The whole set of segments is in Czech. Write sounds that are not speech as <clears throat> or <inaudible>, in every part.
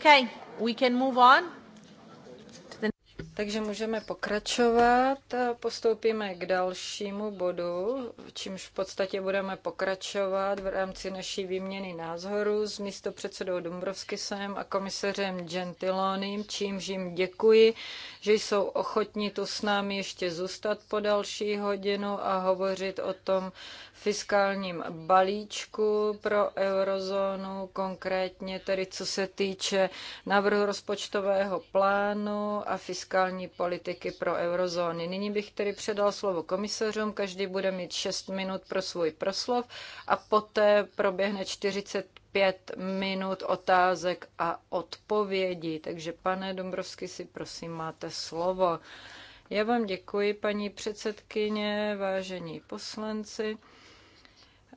Okay, we can move on. Takže můžeme pokračovat. Postoupíme k dalšímu bodu, čímž v podstatě budeme pokračovat v rámci naší výměny názoru s místopředsedou Dombrovskisem a komisařem Gentilonym, čímž jim děkuji, že jsou ochotni tu s námi ještě zůstat po další hodinu a hovořit o tom fiskálním balíčku pro eurozónu, konkrétně tedy co se týče návrhu rozpočtového plánu a fiskální fiskální politiky pro eurozóny. Nyní bych tedy předal slovo komisařům, každý bude mít 6 minut pro svůj proslov a poté proběhne 45 minut otázek a odpovědí. Takže pane Dombrovsky, si prosím, máte slovo. Já vám děkuji, paní předsedkyně, vážení poslanci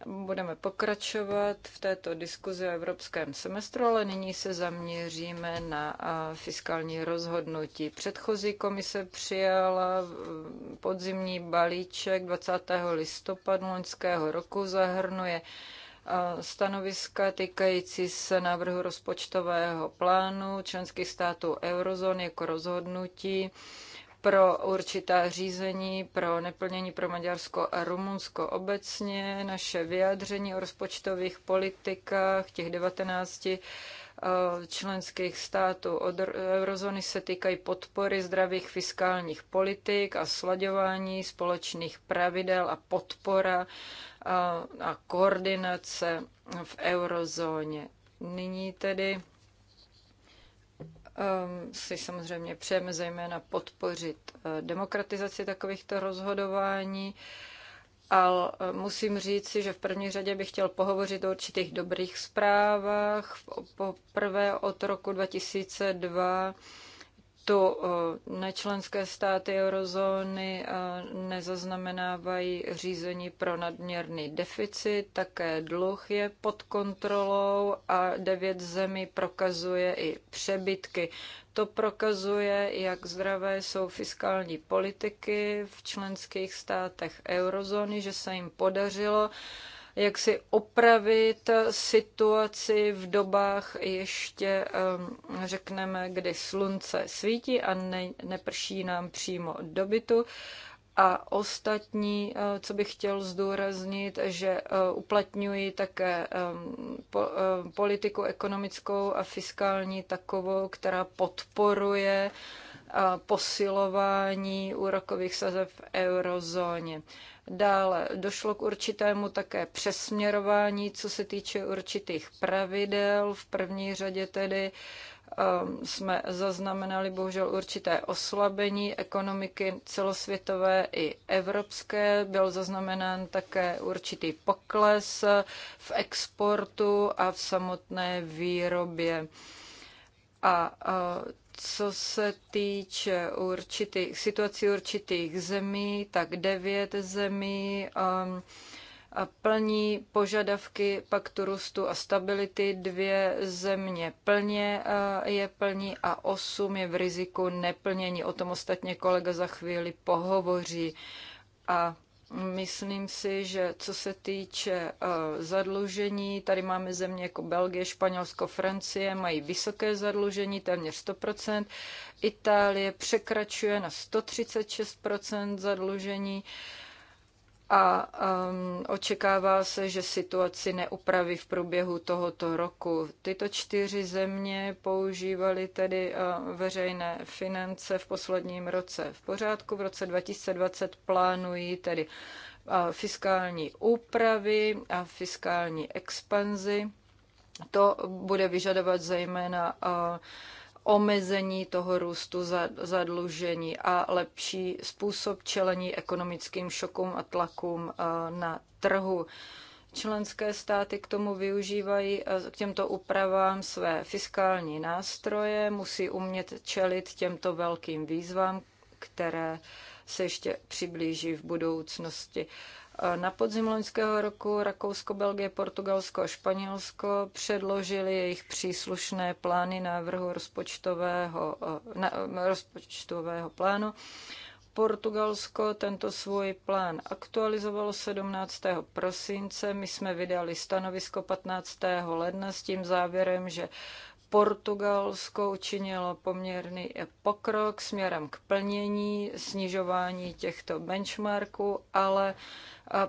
budeme pokračovat v této diskuzi o evropském semestru, ale nyní se zaměříme na fiskální rozhodnutí. Předchozí komise přijala podzimní balíček 20. listopadu loňského roku, zahrnuje stanoviska týkající se návrhu rozpočtového plánu členských států eurozóny jako rozhodnutí pro určitá řízení, pro neplnění pro Maďarsko a Rumunsko obecně, naše vyjádření o rozpočtových politikách těch 19 eh, členských států od eurozóny se týkají podpory zdravých fiskálních politik a slaďování společných pravidel a podpora eh, a koordinace v eurozóně. Nyní tedy Ehm, si samozřejmě přejeme zejména podpořit eh, demokratizaci takovýchto rozhodování, ale eh, musím říci, že v první řadě bych chtěl pohovořit o určitých dobrých zprávách. Poprvé od roku 2002 to eh, nečlenské státy eurozóny eh, nezaznamenávají řízení pro nadměrný deficit, také dluh je pod kontrolou a devět zemí prokazuje i přebytky. To prokazuje, jak zdravé jsou fiskální politiky v členských státech eurozóny, že se jim podařilo jak si opravit situaci v dobách ještě, řekneme, kdy slunce svítí a ne, neprší nám přímo do bytu. A ostatní, eh, co bych chtěl zdůraznit, že eh, uplatňuji také politiku ekonomickou a fiskální takovou, která podporuje posilování úrokových sazeb v eurozóně. Dále došlo k určitému také přesměrování, co se týče určitých pravidel. V první řadě tedy um, jsme zaznamenali bohužel určité oslabení ekonomiky celosvětové i evropské. Byl zaznamenán také určitý pokles v exportu a v samotné výrobě. A uh, co se týče určitých, situací určitých zemí, tak devět zemí um, a plní požadavky paktu růstu a stability, dvě země plně uh, je plní a osm je v riziku neplnění. O tom ostatně kolega za chvíli pohovoří. A Myslím si, že co se týče eh, zadlužení, tady máme země jako Belgie, Španělsko, Francie, mají vysoké zadlužení, téměř 100%. Itálie překračuje na 136% zadlužení. Uh, a um, očekává se, že situaci neupraví v průběhu tohoto roku. Tyto čtyři země používaly tedy uh, veřejné finance v posledním roce. V pořádku v roce 2020 plánují tedy uh, fiskální úpravy a fiskální expanzi. To bude vyžadovat zejména uh, omezení toho růstu zadlužení a lepší způsob čelení ekonomickým šokům a tlakům eh, na trhu. Členské státy k tomu využívají eh, k těmto úpravám své fiskální nástroje, musí umět čelit těmto velkým výzvám, které se ještě přiblíží v budoucnosti. Eh, na podzim loňského roku Rakousko, Belgie, Portugalsko a Španělsko předložili jejich příslušné plány návrhu rozpočtového, eh, na, eh, rozpočtového plánu. Portugalsko tento svůj plán aktualizovalo 17. prosince. My jsme vydali stanovisko 15. ledna s tím závěrem, že Portugalsko učinilo poměrný pokrok směrem k plnění, snižování těchto benchmarků, ale uh,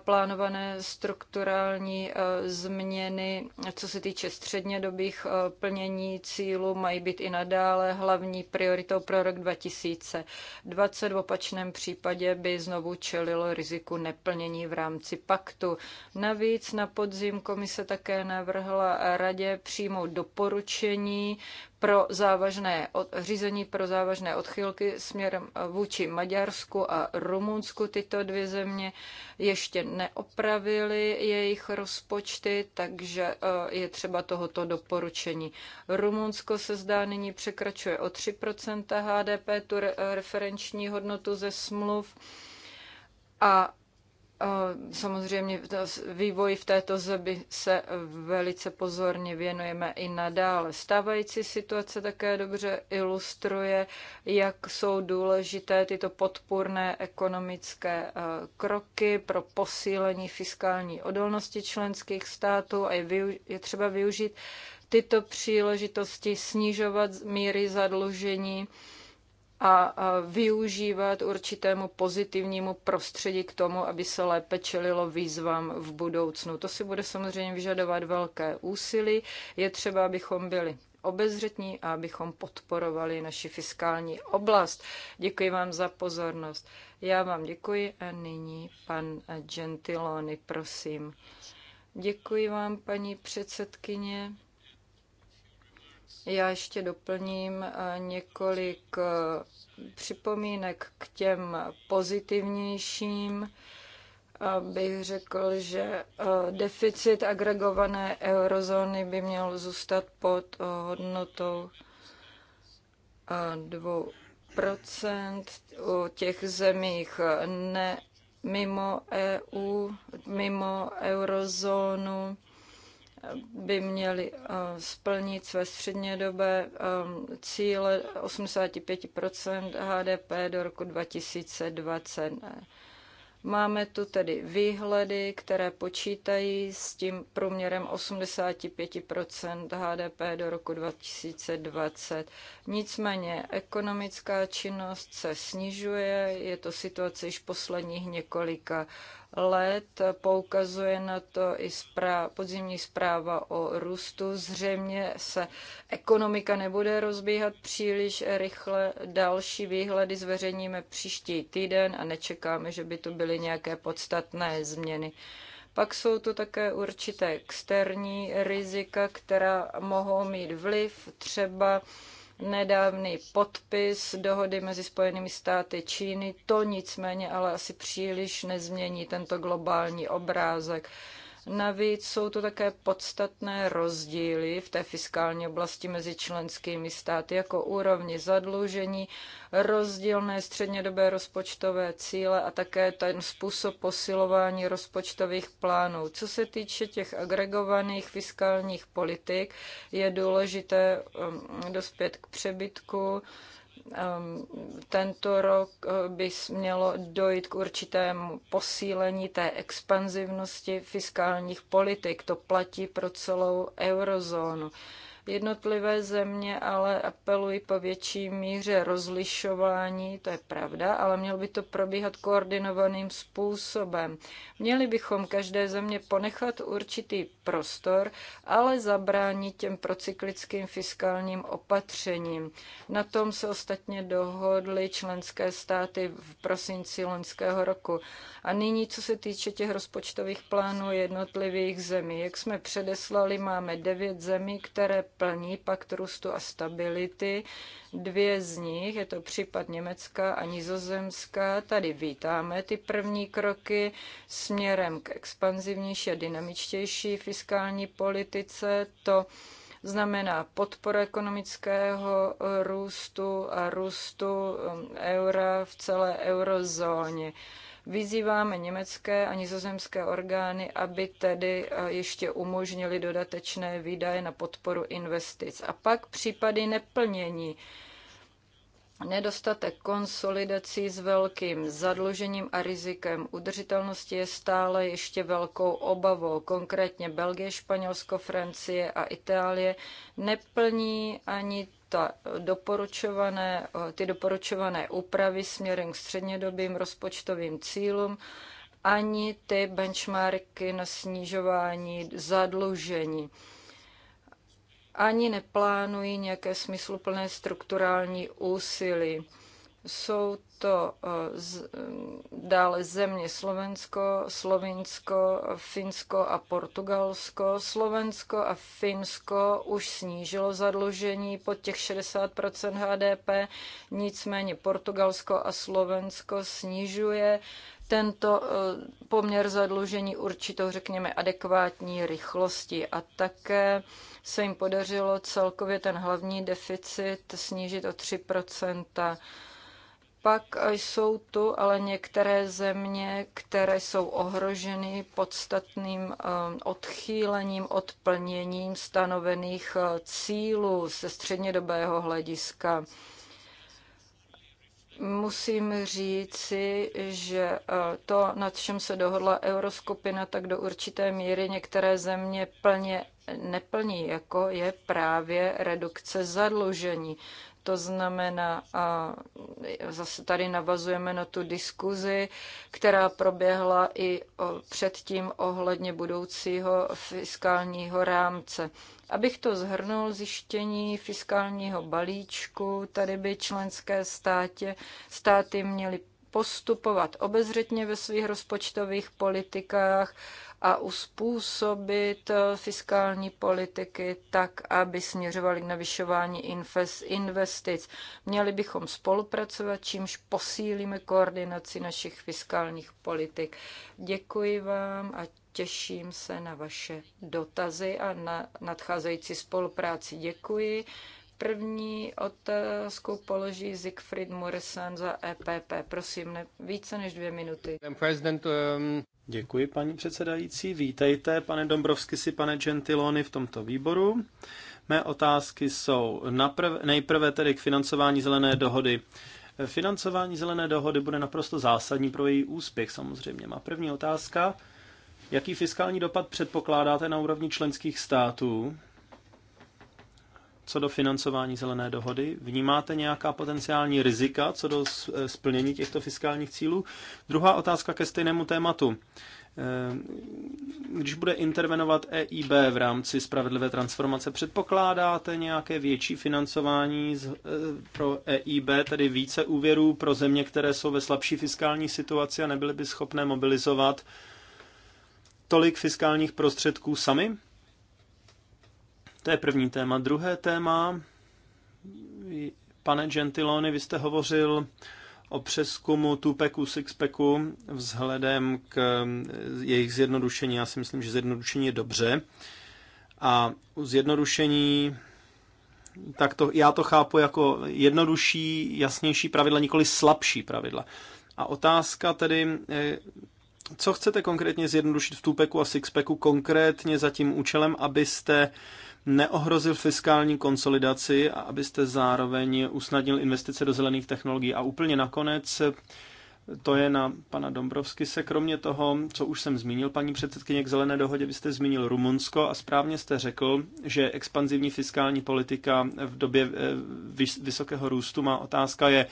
plánované strukturální e, změny, co se týče střednědobých e, plnění cílů, mají být i nadále hlavní prioritou pro rok 2020. V opačném případě by znovu čelilo riziku neplnění v rámci paktu. Navíc na podzim komise také navrhla radě přijmout doporučení pro závažné od, řízení pro závažné odchylky směrem eh, vůči Maďarsku a Rumunsku. Tyto dvě země ještě neopravily jejich rozpočty, takže eh, je třeba tohoto doporučení. Rumunsko se zdá nyní překračuje o 3 HDP, tu eh, referenční hodnotu ze smluv. A Samozřejmě vývoji v této zemi se velice pozorně věnujeme i nadále. Stávající situace také dobře ilustruje, jak jsou důležité tyto podpůrné ekonomické e, kroky pro posílení fiskální odolnosti členských států a je třeba využít tyto příležitosti, snižovat míry zadlužení a využívat určitému pozitivnímu prostředí k tomu, aby se lépe čelilo výzvám v budoucnu. To si bude samozřejmě vyžadovat velké úsilí. Je třeba, abychom byli obezřetní a abychom podporovali naši fiskální oblast. Děkuji vám za pozornost. Já vám děkuji a nyní pan Gentiloni, prosím. Děkuji vám, paní předsedkyně. Já ještě doplním eh, několik eh, připomínek k těm pozitivnějším eh, bych řekl, že deficit agregované eurozóny by měl zůstat pod hodnotou 2% u těch zemích ne mimo EU, mimo eurozónu by měly eh, splnit své střednědobé eh, cíle 85 HDP do roku 2020. Máme tu tedy výhledy, které počítají s tím průměrem 85 HDP do roku 2020. Nicméně ekonomická činnost se snižuje, je to situace již posledních několika let. Poukazuje na to i zpráv, podzimní zpráva o růstu. Zřejmě se ekonomika nebude rozbíhat příliš rychle. Další výhledy zveřejníme příští týden a nečekáme, že by to byly nějaké podstatné změny. Pak jsou tu také určité externí rizika, která mohou mít vliv třeba nedávný podpis dohody mezi Spojenými státy Číny. To nicméně ale asi příliš nezmění tento globální obrázek. Navíc jsou to také podstatné rozdíly v té fiskální oblasti mezi členskými státy, jako úrovni zadlužení, rozdílné střednědobé rozpočtové cíle a také ten způsob posilování rozpočtových plánů. Co se týče těch agregovaných fiskálních politik, je důležité um, dospět k přebytku, Ehm, tento rok eh, by mělo dojít k určitému posílení té expanzivnosti fiskálních politik. To platí pro celou eurozónu. Jednotlivé země ale apelují po větší míře rozlišování, to je pravda, ale mělo by to probíhat koordinovaným způsobem. Měli bychom každé země ponechat určitý prostor, ale zabránit těm procyklickým fiskálním opatřením. Na tom se ostatně dohodly členské státy v prosinci loňského roku. A nyní, co se týče těch rozpočtových plánů jednotlivých zemí, jak jsme předeslali, máme devět zemí, které plní pakt růstu a stability. Dvě z nich, je to případ Německa a Nizozemska, tady vítáme ty první kroky směrem k expanzivnější a dynamičtější fiskální politice. To znamená podpora ekonomického růstu a růstu um, eura v celé eurozóně. Vyzýváme německé a nizozemské orgány, aby tedy e, ještě umožnili dodatečné výdaje na podporu investic. A pak případy neplnění nedostatek konsolidací s velkým zadlužením a rizikem udržitelnosti je stále ještě velkou obavou. Konkrétně Belgie, Španělsko, Francie a Itálie neplní ani ta doporučované, ty doporučované úpravy směrem k střednědobým rozpočtovým cílům ani ty benchmarky na snižování zadlužení. Ani neplánují nějaké smysluplné strukturální úsilí. Jsou to eh, mm, dále země Slovensko, Slovinsko, Finsko a Portugalsko. Slovensko a Finsko už snížilo zadlužení pod těch 60 HDP, nicméně Portugalsko a Slovensko snižuje tento eh, poměr zadlužení určitou, řekněme, adekvátní rychlosti a také se jim podařilo celkově ten hlavní deficit snížit o 3 pak jsou tu ale některé země, které jsou ohroženy podstatným um, odchýlením od plněním stanovených uh, cílů ze střednědobého hlediska. Musím říci, že uh, to, nad čem se dohodla euroskupina, tak do určité míry některé země plně neplní, jako je právě redukce zadlužení. To znamená, a zase tady navazujeme na tu diskuzi, která proběhla i předtím ohledně budoucího fiskálního rámce. Abych to zhrnul, zjištění fiskálního balíčku, tady by členské státě, státy měly postupovat obezřetně ve svých rozpočtových politikách a uspůsobit eh, fiskální politiky tak, aby směřovaly k navyšování investic. Měli bychom spolupracovat, čímž posílíme koordinaci našich fiskálních politik. Děkuji vám a těším se na vaše dotazy a na nadcházející spolupráci. Děkuji. První otázku položí Siegfried Morrison za EPP. Prosím, ne, více než dvě minuty. President, um... Děkuji, paní předsedající. Vítejte, pane Dombrovsky si, pane Gentiloni, v tomto výboru. Mé otázky jsou naprv, nejprve tedy k financování zelené dohody. Financování zelené dohody bude naprosto zásadní pro její úspěch samozřejmě. Má první otázka. Jaký fiskální dopad předpokládáte na úrovni členských států co do financování zelené dohody? Vnímáte nějaká potenciální rizika co do eh, splnění těchto fiskálních cílů? Druhá otázka ke stejnému tématu. Eh, když bude intervenovat EIB v rámci spravedlivé transformace, předpokládáte nějaké větší financování eh, pro EIB, tedy více úvěrů pro země, které jsou ve slabší fiskální situaci a nebyly by schopné mobilizovat tolik fiskálních prostředků sami? To je první téma. Druhé téma, pane Gentiloni, vy jste hovořil o přeskumu Tupeku, Sixpeku vzhledem k jejich zjednodušení. Já si myslím, že zjednodušení je dobře. A zjednodušení, tak to, já to chápu jako jednodušší, jasnější pravidla, nikoli slabší pravidla. A otázka tedy, eh, co chcete konkrétně zjednodušit v Tupeku a Sixpeku konkrétně za tím účelem, abyste neohrozil fiskální konsolidaci a abyste zároveň usnadnil investice do zelených technologií. A úplně nakonec to je na pana Dombrovsky se. Kromě toho, co už jsem zmínil, paní předsedkyně, k zelené dohodě, vy jste zmínil Rumunsko a správně jste řekl, že expanzivní fiskální politika v době eh, vysokého růstu má otázka je,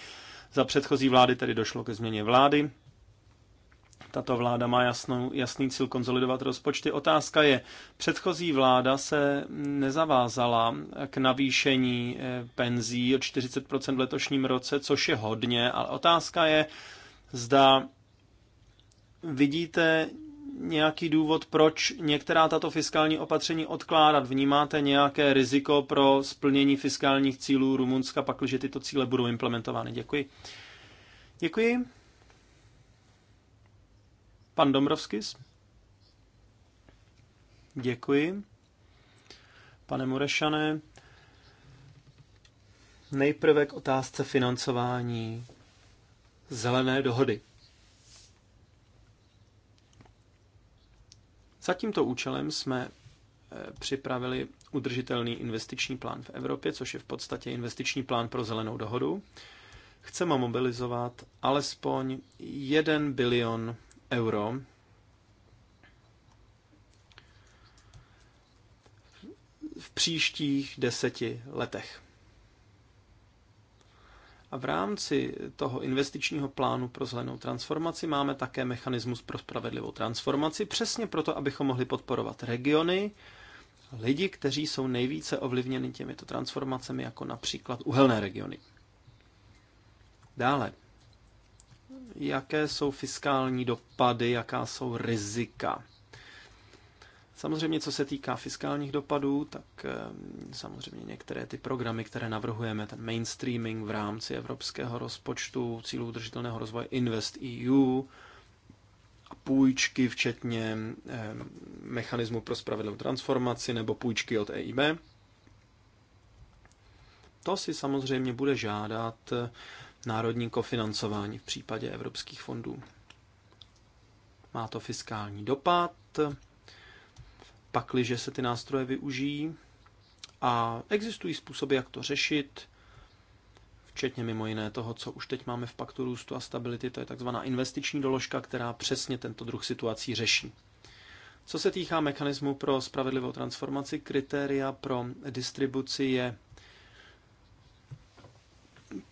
za předchozí vlády tedy došlo ke změně vlády, tato vláda má jasnou, jasný cíl konzolidovat rozpočty. Otázka je, předchozí vláda se nezavázala k navýšení eh, penzí o 40% v letošním roce, což je hodně, ale otázka je, zda vidíte nějaký důvod, proč některá tato fiskální opatření odkládat? Vnímáte nějaké riziko pro splnění fiskálních cílů Rumunska, pakliže tyto cíle budou implementovány? Děkuji. Děkuji. Pan Dombrovskis? Děkuji. Pane Murešane, nejprve k otázce financování zelené dohody. Za tímto účelem jsme eh, připravili udržitelný investiční plán v Evropě, což je v podstatě investiční plán pro zelenou dohodu. Chceme mobilizovat alespoň 1 bilion euro v příštích deseti letech. A v rámci toho investičního plánu pro zelenou transformaci máme také mechanismus pro spravedlivou transformaci, přesně proto, abychom mohli podporovat regiony, lidi, kteří jsou nejvíce ovlivněni těmito transformacemi, jako například uhelné regiony. Dále, jaké jsou fiskální dopady, jaká jsou rizika. Samozřejmě, co se týká fiskálních dopadů, tak eh, samozřejmě některé ty programy, které navrhujeme, ten mainstreaming v rámci evropského rozpočtu, cílů udržitelného rozvoje Invest EU, a půjčky, včetně eh, mechanismu pro spravedlivou transformaci nebo půjčky od EIB. To si samozřejmě bude žádat eh, národní kofinancování v případě evropských fondů. Má to fiskální dopad, pakliže se ty nástroje využijí a existují způsoby, jak to řešit, včetně mimo jiné toho, co už teď máme v paktu růstu a stability, to je takzvaná investiční doložka, která přesně tento druh situací řeší. Co se týká mechanismu pro spravedlivou transformaci, kritéria pro distribuci je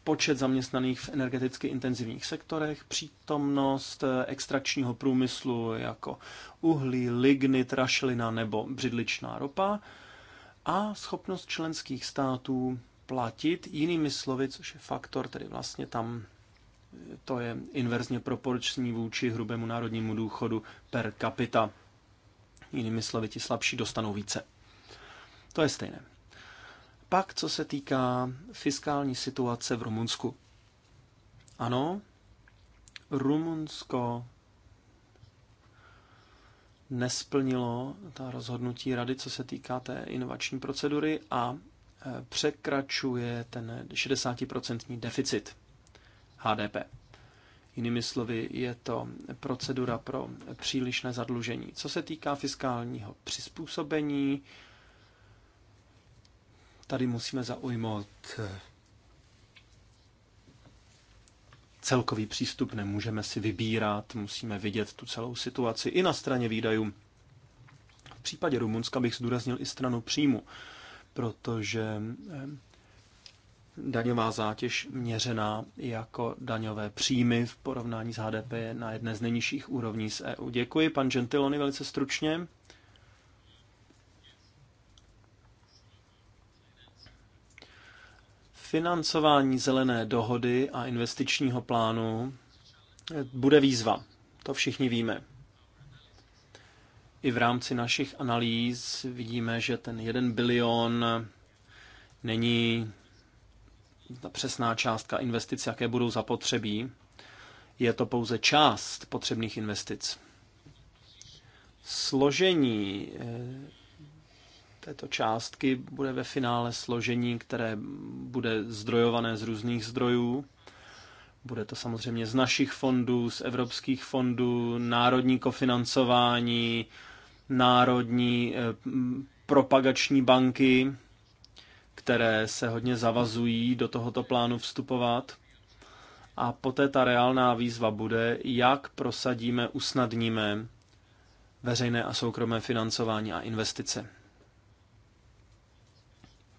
počet zaměstnaných v energeticky intenzivních sektorech, přítomnost eh, extrakčního průmyslu jako uhlí, lignit, rašelina nebo břidličná ropa a schopnost členských států platit, jinými slovy, což je faktor, tedy vlastně tam eh, to je inverzně proporční vůči hrubému národnímu důchodu per capita. Jinými slovy, ti slabší dostanou více. To je stejné pak, co se týká fiskální situace v Rumunsku. Ano, Rumunsko nesplnilo ta rozhodnutí rady, co se týká té inovační procedury a e, překračuje ten 60% deficit HDP. Jinými slovy, je to procedura pro přílišné zadlužení. Co se týká fiskálního přizpůsobení, Tady musíme zaujmout eh, celkový přístup, nemůžeme si vybírat, musíme vidět tu celou situaci i na straně výdajů. V případě Rumunska bych zdůraznil i stranu příjmu, protože eh, daňová zátěž měřená jako daňové příjmy v porovnání s HDP je na jedné z nejnižších úrovní z EU. Děkuji, pan Gentiloni, velice stručně. Financování zelené dohody a investičního plánu eh, bude výzva. To všichni víme. I v rámci našich analýz vidíme, že ten 1 bilion není ta přesná částka investic, jaké budou zapotřebí. Je to pouze část potřebných investic. Složení eh, této částky bude ve finále složení, které bude zdrojované z různých zdrojů. Bude to samozřejmě z našich fondů, z evropských fondů, národní kofinancování, národní eh, propagační banky, které se hodně zavazují do tohoto plánu vstupovat. A poté ta reálná výzva bude, jak prosadíme, usnadníme veřejné a soukromé financování a investice.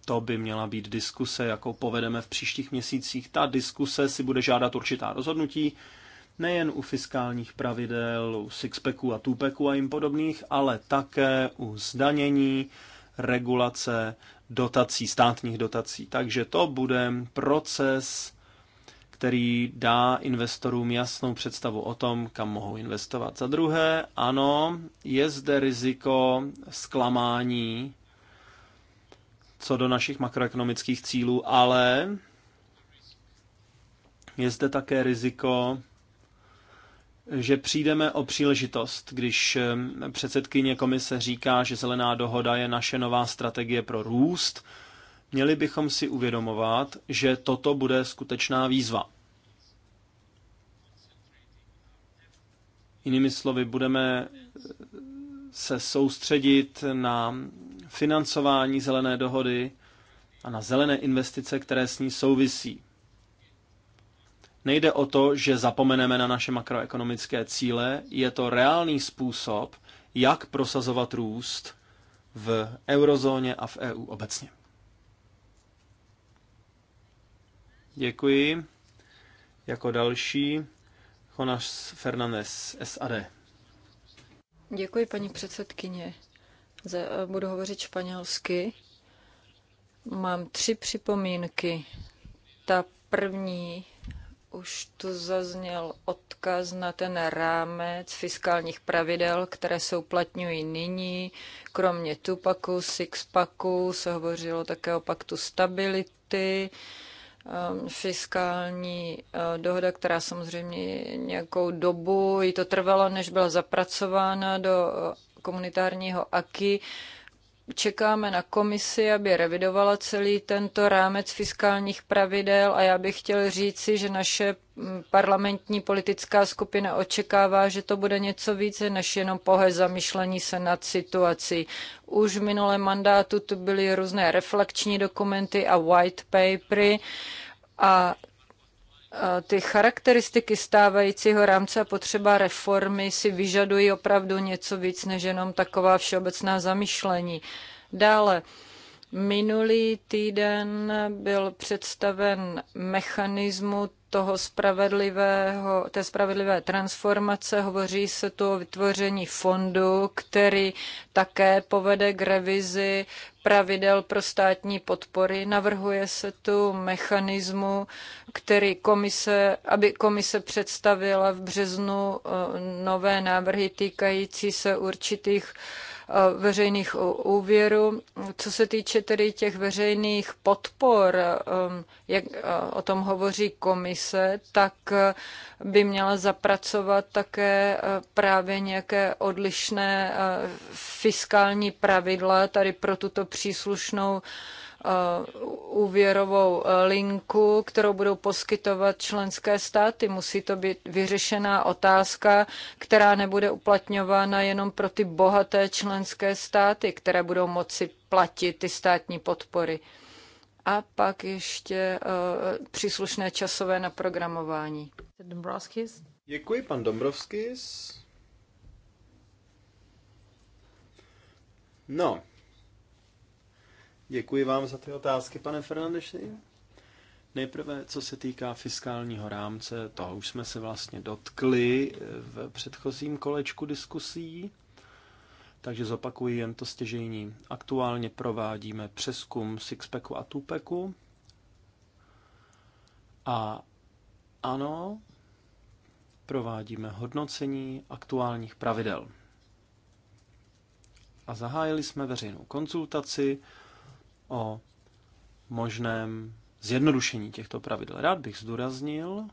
To by měla být diskuse, jakou povedeme v příštích měsících. Ta diskuse si bude žádat určitá rozhodnutí, nejen u fiskálních pravidel, u sixpacku a tupeku a jim podobných, ale také u zdanění, regulace dotací, státních dotací. Takže to bude proces, který dá investorům jasnou představu o tom, kam mohou investovat. Za druhé, ano, je zde riziko zklamání co do našich makroekonomických cílů, ale je zde také riziko, že přijdeme o příležitost, když eh, předsedkyně komise říká, že zelená dohoda je naše nová strategie pro růst, měli bychom si uvědomovat, že toto bude skutečná výzva. Jinými slovy, budeme eh, se soustředit na financování zelené dohody a na zelené investice, které s ní souvisí. Nejde o to, že zapomeneme na naše makroekonomické cíle, je to reálný způsob, jak prosazovat růst v eurozóně a v EU obecně. Děkuji. Jako další Jonas Fernandez, SAD. Děkuji, paní předsedkyně. Eh, budu hovořit španělsky. Mám tři připomínky. Ta první už tu zazněl odkaz na ten rámec fiskálních pravidel, které se uplatňují nyní. Kromě Tupaku, Sixpaku se hovořilo také o paktu stability, ehm, fiskální eh, dohoda, která samozřejmě nějakou dobu, i to trvalo, než byla zapracována do eh, komunitárního AKI, čekáme na komisi, aby revidovala celý tento rámec fiskálních pravidel a já bych chtěl říci, že naše mm, parlamentní politická skupina očekává, že to bude něco více než jenom pohé zamýšlení se nad situací. Už v minulém mandátu tu byly různé reflekční dokumenty a white papery a ty charakteristiky stávajícího rámce a potřeba reformy si vyžadují opravdu něco víc než jenom taková všeobecná zamyšlení. Dále, minulý týden byl představen mechanismu toho spravedlivého, té spravedlivé transformace. Hovoří se tu o vytvoření fondu, který také povede k revizi pravidel pro státní podpory. Navrhuje se tu mechanismu, který komise, aby komise představila v březnu eh, nové návrhy týkající se určitých Eh, veřejných úvěrů. Co se týče tedy těch veřejných podpor, eh, jak eh, o tom hovoří komise, tak by měla zapracovat také právě nějaké odlišné fiskální pravidla tady pro tuto příslušnou Uh, úvěrovou uh, linku, kterou budou poskytovat členské státy. Musí to být vyřešená otázka, která nebude uplatňována jenom pro ty bohaté členské státy, které budou moci platit ty státní podpory. A pak ještě uh, příslušné časové naprogramování. Děkuji, pan Dombrovskis. No, Děkuji vám za ty otázky, pane Fernandeši. Nejprve, co se týká fiskálního rámce, toho už jsme se vlastně dotkli eh, v předchozím kolečku diskusí, takže zopakuji jen to stěžejní. Aktuálně provádíme přeskum Sixpacku a Tupeku a ano, provádíme hodnocení aktuálních pravidel. A zahájili jsme veřejnou konzultaci, o možném zjednodušení těchto pravidel. Rád bych zdůraznil,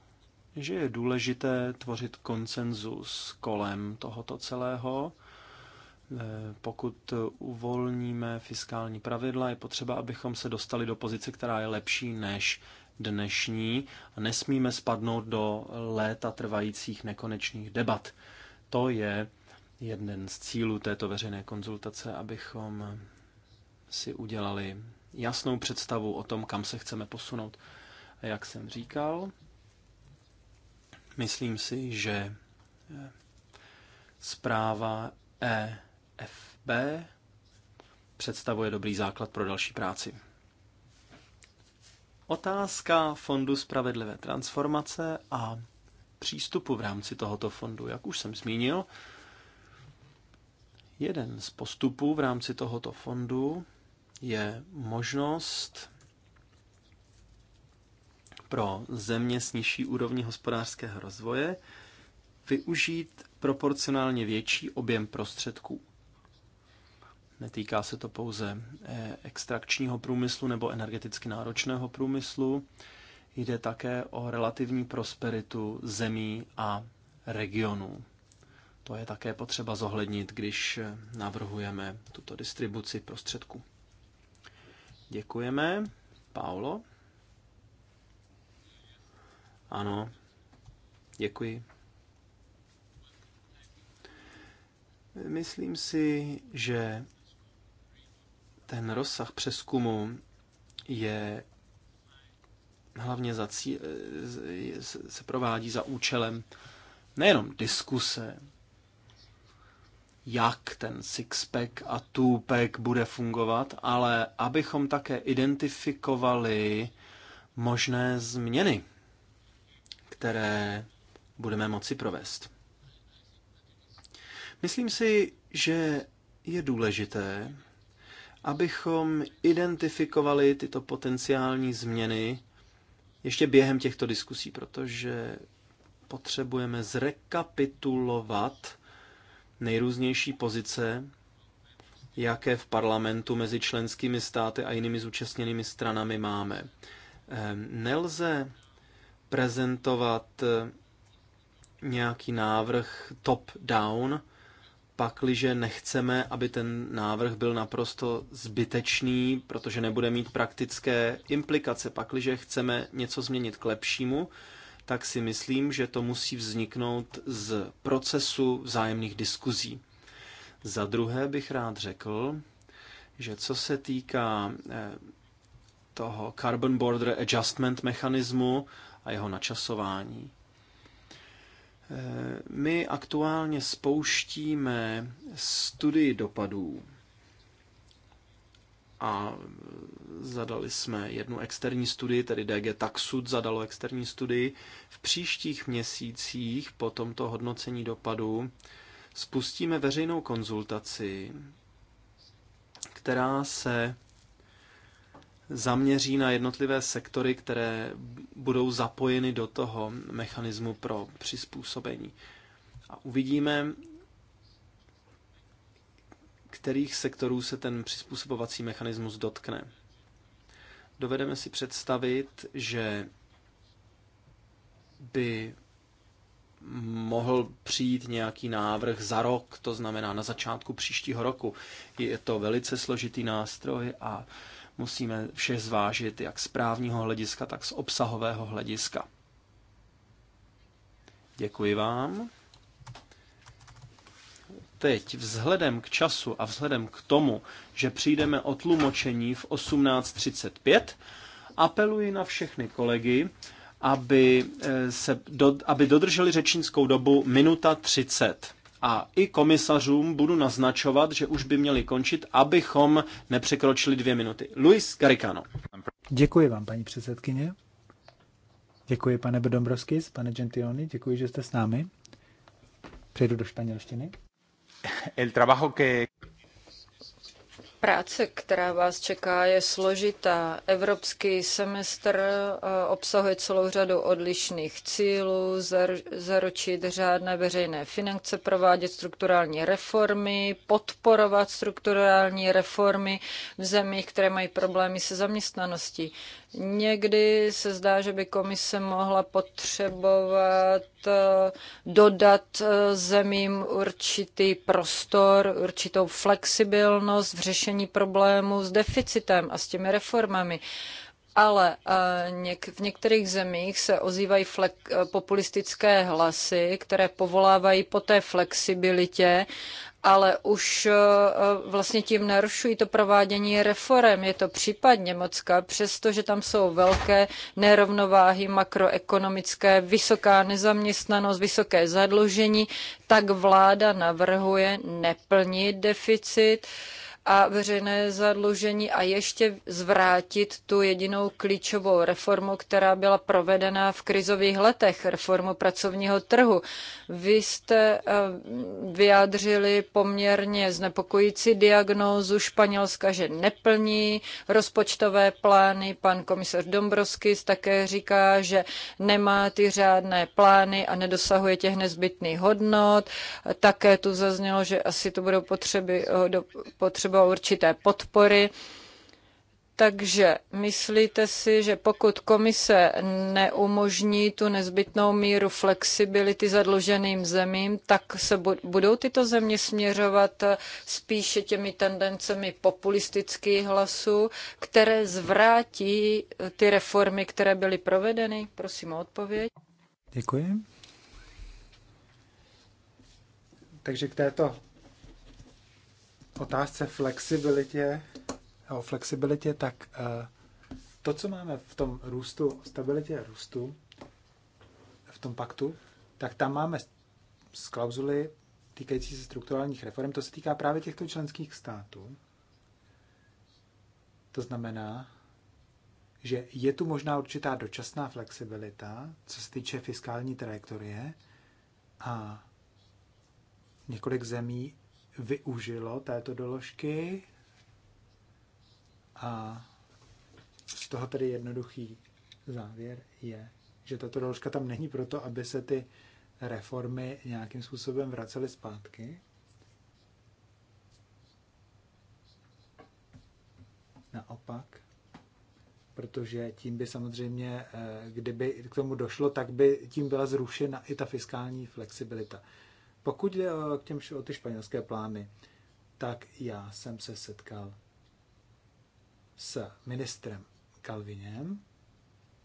že je důležité tvořit konsenzus kolem tohoto celého. Eh, pokud uvolníme fiskální pravidla, je potřeba, abychom se dostali do pozice, která je lepší než dnešní a nesmíme spadnout do léta trvajících nekonečných debat. To je jeden z cílů této veřejné konzultace, abychom si udělali jasnou představu o tom, kam se chceme posunout. A jak jsem říkal, myslím si, že eh, zpráva EFB představuje dobrý základ pro další práci. Otázka Fondu spravedlivé transformace a přístupu v rámci tohoto fondu. Jak už jsem zmínil, jeden z postupů v rámci tohoto fondu je možnost pro země s nižší úrovní hospodářského rozvoje využít proporcionálně větší objem prostředků. Netýká se to pouze eh, extrakčního průmyslu nebo energeticky náročného průmyslu, jde také o relativní prosperitu zemí a regionů. To je také potřeba zohlednit, když eh, navrhujeme tuto distribuci prostředků. Děkujeme. Paolo? Ano, děkuji. Myslím si, že ten rozsah přeskumu je hlavně za cí, se provádí za účelem nejenom diskuse jak ten sixpack a two-pack bude fungovat, ale abychom také identifikovali možné změny, které budeme moci provést. Myslím si, že je důležité, abychom identifikovali tyto potenciální změny ještě během těchto diskusí, protože potřebujeme zrekapitulovat nejrůznější pozice, jaké v parlamentu mezi členskými státy a jinými zúčastněnými stranami máme. Ehm, nelze prezentovat eh, nějaký návrh top-down, pakliže nechceme, aby ten návrh byl naprosto zbytečný, protože nebude mít praktické implikace, pakliže chceme něco změnit k lepšímu, tak si myslím, že to musí vzniknout z procesu vzájemných diskuzí. Za druhé bych rád řekl, že co se týká eh, toho Carbon Border Adjustment mechanismu a jeho načasování, eh, my aktuálně spouštíme studii dopadů a zadali jsme jednu externí studii, tedy DG Taxud zadalo externí studii. V příštích měsících po tomto hodnocení dopadu spustíme veřejnou konzultaci, která se zaměří na jednotlivé sektory, které budou zapojeny do toho mechanismu pro přizpůsobení. A uvidíme, kterých sektorů se ten přizpůsobovací mechanismus dotkne. Dovedeme si představit, že by mohl přijít nějaký návrh za rok, to znamená na začátku příštího roku. Je to velice složitý nástroj a musíme vše zvážit jak z právního hlediska, tak z obsahového hlediska. Děkuji vám teď vzhledem k času a vzhledem k tomu, že přijdeme o tlumočení v 18.35, apeluji na všechny kolegy, aby, eh, se, do, aby dodrželi řečnickou dobu minuta 30. A i komisařům budu naznačovat, že už by měli končit, abychom nepřekročili dvě minuty. Luis Garicano. Děkuji vám, paní předsedkyně. Děkuji, pane Bedombrovskis, pane Gentioni, děkuji, že jste s námi. Přejdu do španělštiny el trabajo que Práce, která vás čeká, je složitá. Evropský semestr eh, obsahuje celou řadu odlišných cílů, zaručit řádné veřejné finance, provádět strukturální reformy, podporovat strukturální reformy v zemích, které mají problémy se zaměstnaností. Někdy se zdá, že by komise mohla potřebovat eh, dodat eh, zemím určitý prostor, určitou flexibilnost v řešení řešení problému s deficitem a s těmi reformami ale eh, v některých zemích se ozývají eh, populistické hlasy, které povolávají po té flexibilitě, ale už eh, vlastně tím narušují to provádění reform. Je to případ Německa, přestože tam jsou velké nerovnováhy makroekonomické, vysoká nezaměstnanost, vysoké zadlužení, tak vláda navrhuje neplnit deficit a veřejné zadlužení a ještě zvrátit tu jedinou klíčovou reformu, která byla provedena v krizových letech, reformu pracovního trhu. Vy jste eh, vyjádřili poměrně znepokojící diagnózu Španělska, že neplní rozpočtové plány. Pan komisař Dombrovskis také říká, že nemá ty řádné plány a nedosahuje těch nezbytných hodnot. Také tu zaznělo, že asi to budou potřeby, eh, potřeba potřeba určité podpory. Takže myslíte si, že pokud komise neumožní tu nezbytnou míru flexibility zadluženým zemím, tak se budou tyto země směřovat spíše těmi tendencemi populistických hlasů, které zvrátí ty reformy, které byly provedeny? Prosím o odpověď. Děkuji. Takže k této otázce flexibilitě, o flexibilitě, tak eh, to, co máme v tom růstu, stabilitě růstu, v tom paktu, tak tam máme z klauzuly týkající se strukturálních reform, to se týká právě těchto členských států. To znamená, že je tu možná určitá dočasná flexibilita, co se týče fiskální trajektorie a několik zemí využilo této doložky a z toho tedy jednoduchý závěr je, že tato doložka tam není proto, aby se ty reformy nějakým způsobem vracely zpátky. Naopak, protože tím by samozřejmě, eh, kdyby k tomu došlo, tak by tím byla zrušena i ta fiskální flexibilita. Pokud jde o, k těm, o ty španělské plány, tak já jsem se setkal s ministrem Kalvinem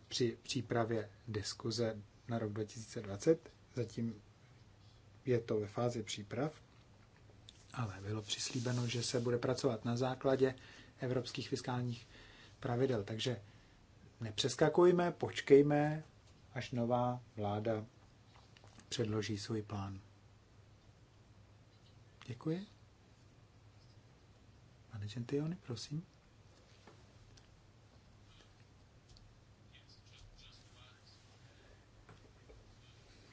při přípravě diskuze na rok 2020. Zatím je to ve fázi příprav, ale bylo přislíbeno, že se bude pracovat na základě evropských fiskálních pravidel. Takže nepřeskakujme, počkejme, až nová vláda předloží svůj plán. Děkuji. Pane Gentiony, prosím.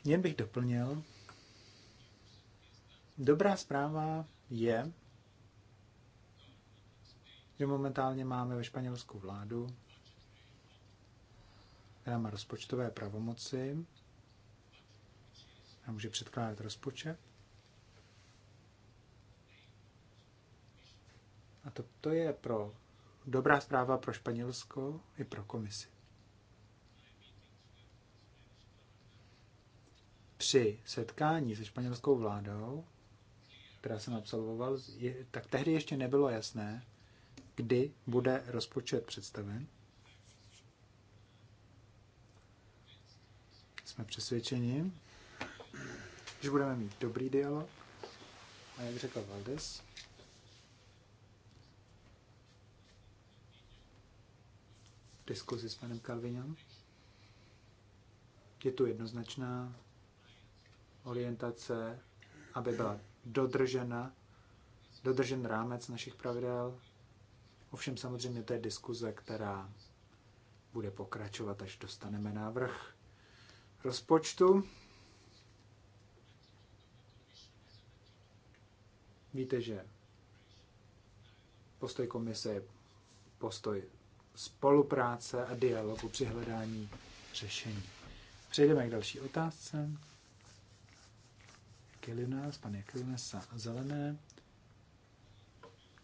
Jen bych doplnil. Dobrá zpráva je, že momentálně máme ve Španělsku vládu, která má rozpočtové pravomoci a může předkládat rozpočet. A to, to je pro dobrá zpráva pro Španělsko i pro komisi. Při setkání se španělskou vládou, která jsem absolvoval, je, tak tehdy ještě nebylo jasné, kdy bude rozpočet představen. Jsme přesvědčeni, že budeme mít dobrý dialog. A jak řekl Valdes, diskuzi s panem Kalvinem. Je tu jednoznačná orientace, aby byla dodržena, dodržen rámec našich pravidel. Ovšem samozřejmě to je diskuze, která bude pokračovat, až dostaneme návrh rozpočtu. Víte, že postoj komise je postoj spolupráce a dialogu při hledání řešení. Přejdeme k další otázce. Kilinas, pan Kilinas a zelené.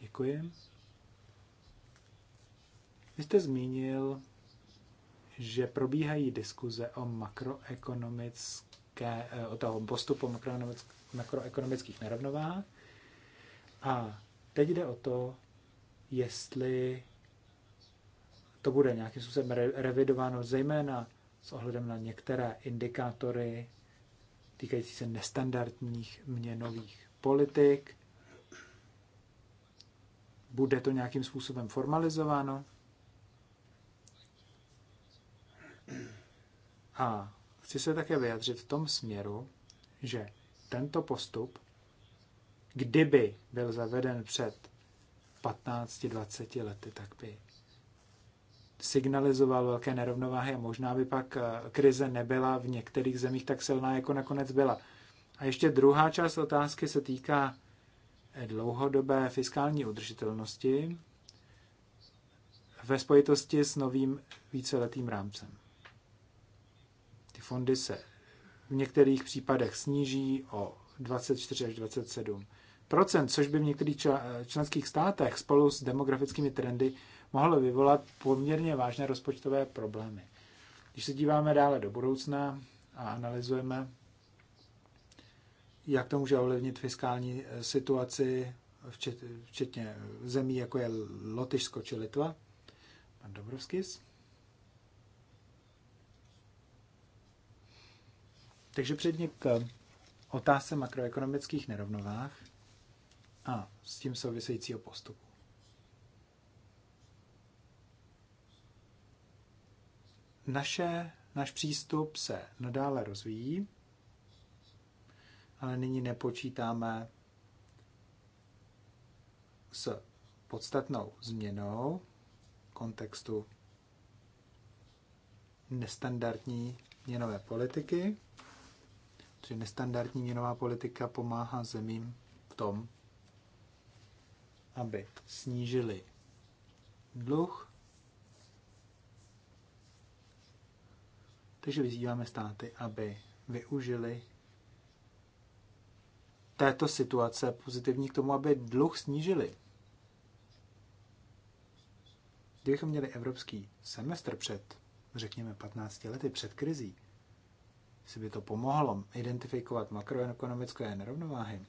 Děkuji. Vy jste zmínil, že probíhají diskuze o makroekonomické, eh, o toho postupu makroekonomických nerovnovách. A teď jde o to, jestli to bude nějakým způsobem revidováno, zejména s ohledem na některé indikátory týkající se nestandardních měnových politik. Bude to nějakým způsobem formalizováno. A chci se také vyjadřit v tom směru, že tento postup, kdyby byl zaveden před 15-20 lety, tak by signalizoval velké nerovnováhy a možná by pak eh, krize nebyla v některých zemích tak silná, jako nakonec byla. A ještě druhá část otázky se týká eh, dlouhodobé fiskální udržitelnosti ve spojitosti s novým víceletým rámcem. Ty fondy se v některých případech sníží o 24 až 27 což by v některých eh, členských státech spolu s demografickými trendy mohlo vyvolat poměrně vážné rozpočtové problémy. Když se díváme dále do budoucna a analyzujeme, jak to může ovlivnit fiskální eh, situaci, včetně zemí, jako je Lotyšsko či Litva, pan Dobrovskis. Takže předně k otázce makroekonomických nerovnovách a s tím souvisejícího postupu. Naše, náš přístup se nadále rozvíjí, ale nyní nepočítáme s podstatnou změnou kontextu nestandardní měnové politiky, protože nestandardní měnová politika pomáhá zemím v tom, aby snížili dluh Takže vyzýváme státy, aby využili této situace pozitivní k tomu, aby dluh snížili. Kdybychom měli evropský semestr před, řekněme, 15 lety před krizí, si by to pomohlo identifikovat makroekonomické nerovnováhy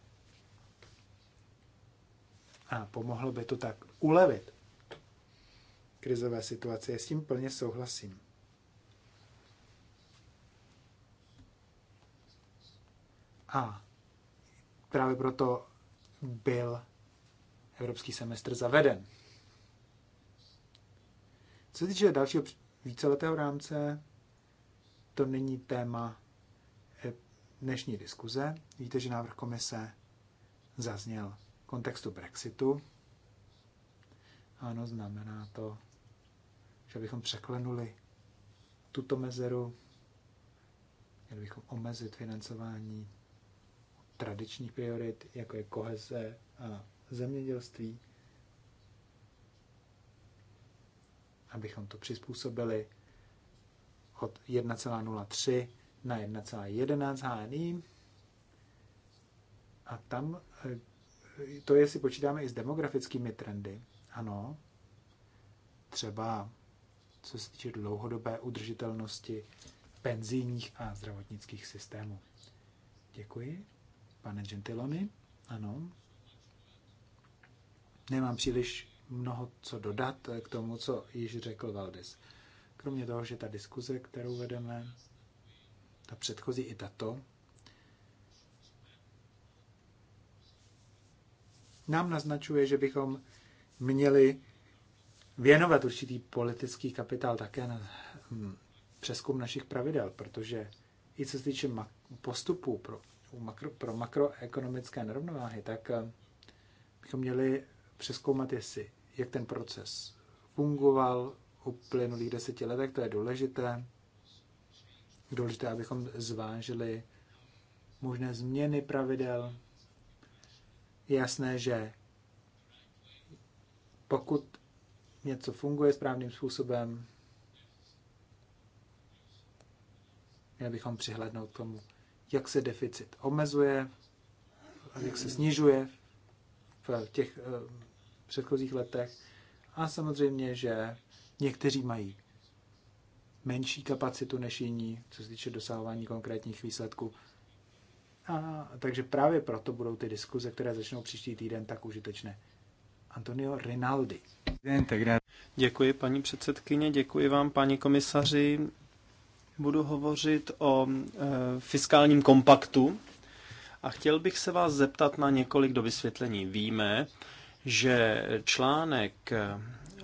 a pomohlo by to tak ulevit krizové situaci. Já s tím plně souhlasím. A právě proto byl evropský semestr zaveden. Co se týče dalšího víceletého rámce, to není téma eh, dnešní diskuze. Víte, že návrh komise zazněl v kontextu Brexitu. Ano, znamená to, že bychom překlenuli tuto mezeru, měli bychom omezit financování tradičních priorit, jako je koheze a zemědělství, abychom to přizpůsobili od 1,03 na 1,11 HNI. A tam, eh, to je, si počítáme i s demografickými trendy, ano, třeba co se týče dlouhodobé udržitelnosti penzijních a zdravotnických systémů. Děkuji. Pane Gentiloni, ano. Nemám příliš mnoho co dodat k tomu, co již řekl Valdis. Kromě toho, že ta diskuze, kterou vedeme, ta předchozí i tato, nám naznačuje, že bychom měli věnovat určitý politický kapitál také na hm, přeskum našich pravidel, protože i co se týče postupů pro makro, pro makroekonomické nerovnováhy, tak eh, bychom měli přeskoumat, jestli, jak ten proces fungoval u plynulých deseti letech, to je důležité. Důležité, abychom zvážili možné změny pravidel. Je jasné, že pokud něco funguje správným způsobem, měli bychom přihlednout tomu, jak se deficit omezuje, jak se snižuje v těch eh, předchozích letech. A samozřejmě, že někteří mají menší kapacitu než jiní, co se týče dosahování konkrétních výsledků. A, takže právě proto budou ty diskuze, které začnou příští týden, tak užitečné. Antonio Rinaldi. Děkuji, paní předsedkyně, děkuji vám, paní komisaři, budu hovořit o e, fiskálním kompaktu a chtěl bych se vás zeptat na několik do vysvětlení. Víme, že článek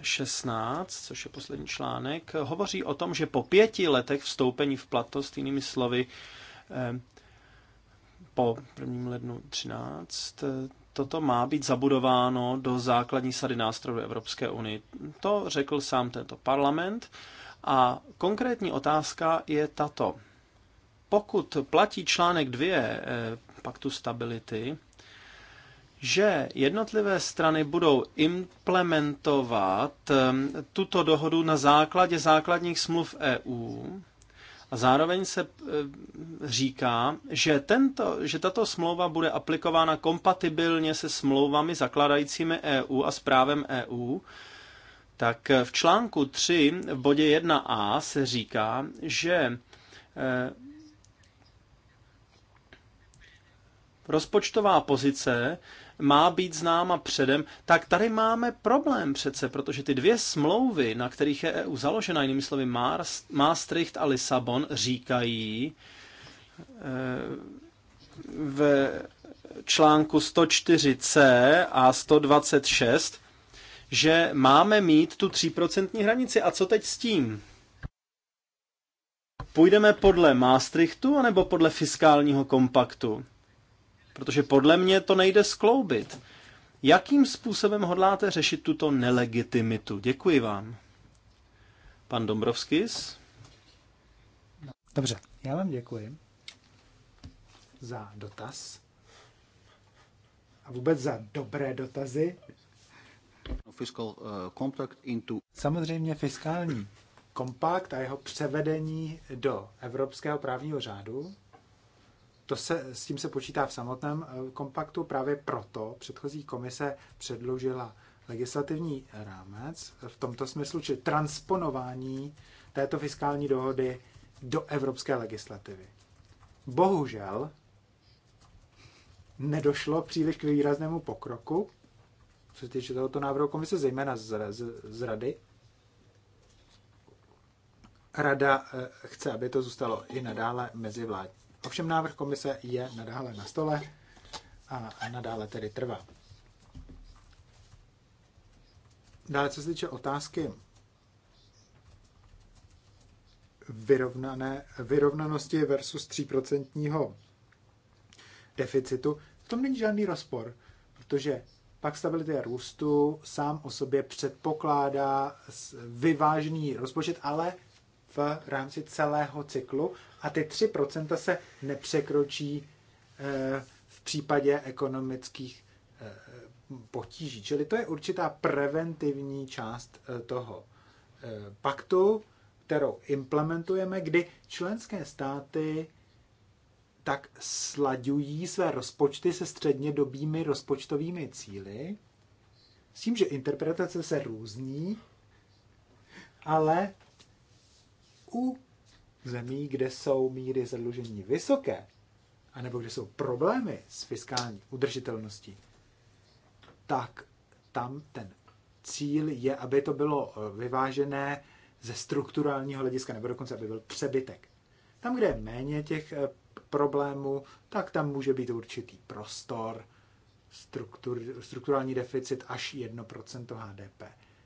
16, e, což je poslední článek, hovoří o tom, že po pěti letech vstoupení v platnost, jinými slovy, e, po 1. lednu 13, toto má být zabudováno do základní sady nástrojů Evropské unie. To řekl sám tento parlament a konkrétní otázka je tato. Pokud platí článek 2 eh, paktu stability, že jednotlivé strany budou implementovat eh, tuto dohodu na základě základních smluv EU, a zároveň se eh, říká, že, tento, že tato smlouva bude aplikována kompatibilně se smlouvami zakladajícími EU a s právem EU, tak v článku 3 v bodě 1a se říká, že eh, rozpočtová pozice má být známa předem, tak tady máme problém přece, protože ty dvě smlouvy, na kterých je EU založena, jinými slovy Maastricht a Lisabon, říkají eh, v článku 104c a 126, že máme mít tu 3% hranici. A co teď s tím? Půjdeme podle Maastrichtu anebo podle fiskálního kompaktu? Protože podle mě to nejde skloubit. Jakým způsobem hodláte řešit tuto nelegitimitu? Děkuji vám. Pan Dombrovskis? Dobře, já vám děkuji za dotaz a vůbec za dobré dotazy. Uh, Samozřejmě fiskální kompakt a jeho převedení do evropského právního řádu, to se, s tím se počítá v samotném uh, kompaktu, právě proto předchozí komise předložila legislativní rámec v tomto smyslu, či transponování této fiskální dohody do evropské legislativy. Bohužel nedošlo příliš k výraznému pokroku, co se týče tohoto návrhu komise, zejména z, z, z rady. Rada eh, chce, aby to zůstalo i nadále mezi vlád. Ovšem návrh komise je nadále na stole a nadále tedy trvá. Dále, co se týče otázky vyrovnané, vyrovnanosti versus 3% deficitu, v tom není žádný rozpor, protože pak stability a růstu sám o sobě předpokládá vyvážný rozpočet, ale v rámci celého cyklu a ty 3% se nepřekročí eh, v případě ekonomických eh, potíží. Čili to je určitá preventivní část eh, toho paktu, kterou implementujeme, kdy členské státy tak slaďují své rozpočty se střednědobými rozpočtovými cíly, s tím, že interpretace se různí, ale u zemí, kde jsou míry zadlužení vysoké, anebo kde jsou problémy s fiskální udržitelností, tak tam ten cíl je, aby to bylo eh, vyvážené ze strukturálního hlediska, nebo dokonce, aby byl přebytek. Tam, kde je méně těch eh, problému, tak tam může být určitý prostor, struktur, strukturální deficit až 1% HDP.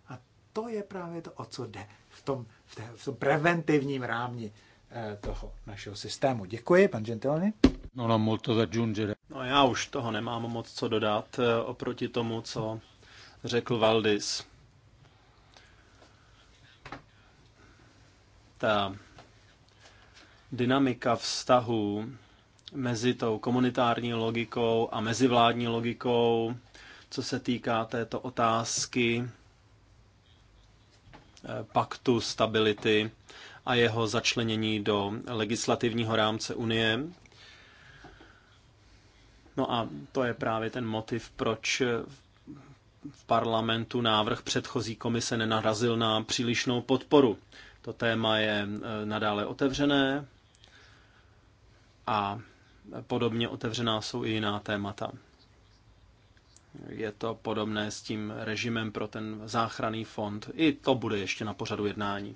A to je právě to, o co jde v tom, v té, v tom preventivním rámni eh, toho našeho systému. Děkuji, pan Gentiloni. No, no, molto da No, já už toho nemám moc co dodat eh, oproti tomu, co řekl Valdis. Ta dynamika vztahu mezi tou komunitární logikou a mezivládní logikou, co se týká této otázky eh, paktu stability a jeho začlenění do legislativního rámce Unie. No a to je právě ten motiv, proč v parlamentu návrh předchozí komise nenarazil na přílišnou podporu. To téma je eh, nadále otevřené, a podobně otevřená jsou i jiná témata. Je to podobné s tím režimem pro ten záchranný fond. I to bude ještě na pořadu jednání.